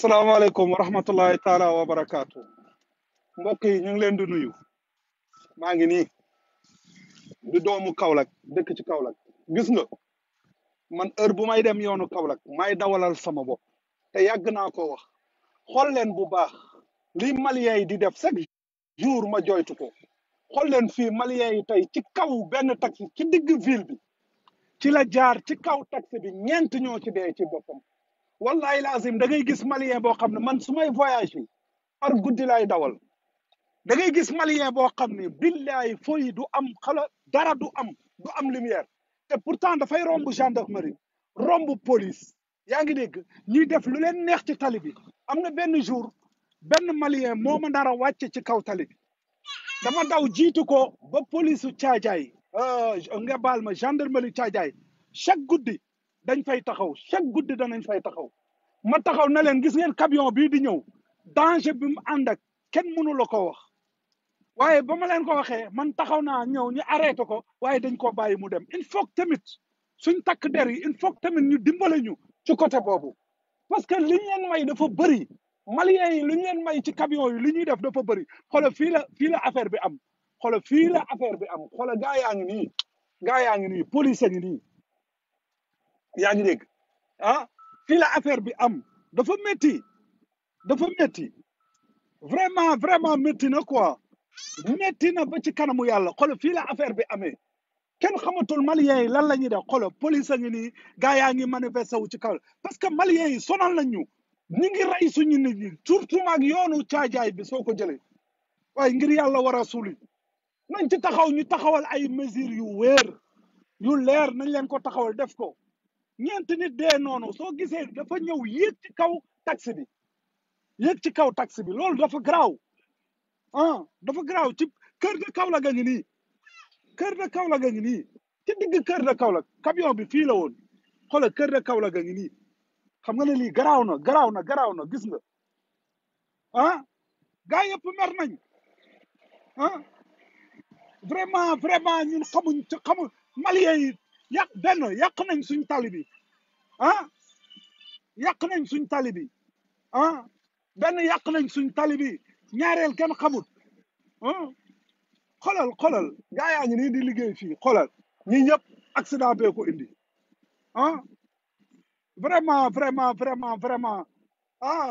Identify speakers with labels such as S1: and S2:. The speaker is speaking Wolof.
S1: salaamaaleykum wa rahmatullahi taala wa barakaatu mbokk yi ñu ngi leen di nuyu maa ngi nii doomu Kaolack dëkk ci Kaolack gis nga man bu may dem yoonu Kaolack may dawalal sama bopp te yàgg naa ko wax xool leen bu baax li Malien yi di def chaque jour ma joytu ko xool leen fii Malien yi tey ci kaw benn taxi ci digg ville bi ci la jaar ci kaw taxi bi ñeent ñoo ci dee ci boppam wallahi lazim da gis malien boo xam ne man su may voyage bi par dawal da ngay gis malien boo xam ne billaay fooy du am xala dara du am du am lumière te pourtant dafay romb gendarmerie romb police yaa ngi dégg ñuy def lu leen neex ci tali bi am na benn jour benn malien moo ma nar a wàcce ci kaw tali bi dama daw jiitu ko ba police u caajaay euh, nga baal ma gendarmerie caajaay chaque guddi dañ fay taxaw chaque guddi danañ fay taxaw ma taxaw na leen gis ngeen camion bii di ñëw danger bi mu ànd ak kenn mënu ko wax waaye ba ma leen ko waxee man taxaw naa ñëw ñu arrêté ko waaye dañ koo bàyyi mu dem il faut tamit suñ takk der yi il faut tamit ñu dimbale ñu ci côté boobu parce que liñ leen may dafa bëri maliens yi liñ leen may ci camion yi li ñuy def dafa bëri xolo fii la fii la affaire bi am xolo fii la affaire bi am xolo gaa yaa ngi nii gaa yaa ngi nii police a nii yaa ngi dégg ah fii la affaire bi am dafa métti dafa metti vraiment vraiment métti na quoi métti na ba ci kanamu yàlla xolo fii la affaire bi amee kenn xamatul malien yi lan la ñuy def xolo police a ngi nii gars yaa ngi manifesté wu ci kaw parce que malien yi sonal nañ ñu ñu ngi rey suñu nit ñi surtout ak yoonu caajaay bi soo ko jëlee waaye ngir yàlla war a suuli nañ ci taxaw ñu taxawal ay mesures yu wéer yu leer nañ leen ko taxawal def ko ñeenti nit dee noonu soo gisee dafa ñëw yéeg ci kaw taxi bi yéeg ci kaw taxi bi loolu dafa garaaw ah dafa garaaw ci kër de Kaolack a ngi ni kër de Kaolack a ngi ni ci digg kër de Kaolack camion bi fii la woon xoolal kër de Kaolack a ngi nii xam nga ne lii garaaw na garaaw na garaaw na gis nga ah gaa yëpp mer nañ ah vraiment vraiment ñun xamuñ ci xamuñ yàq benn yàq nañ suñ tali bi ah yàq nañ suñ tali bi ah benn yàq nañ suñ tali bi ñaareel kenn xamut ah xoolal xoolal gaa yaa ngi nii di liggéey fii xoolal ñi ñëpp accident bee ko indi ah vraiment vraiment vraiment vraiment ah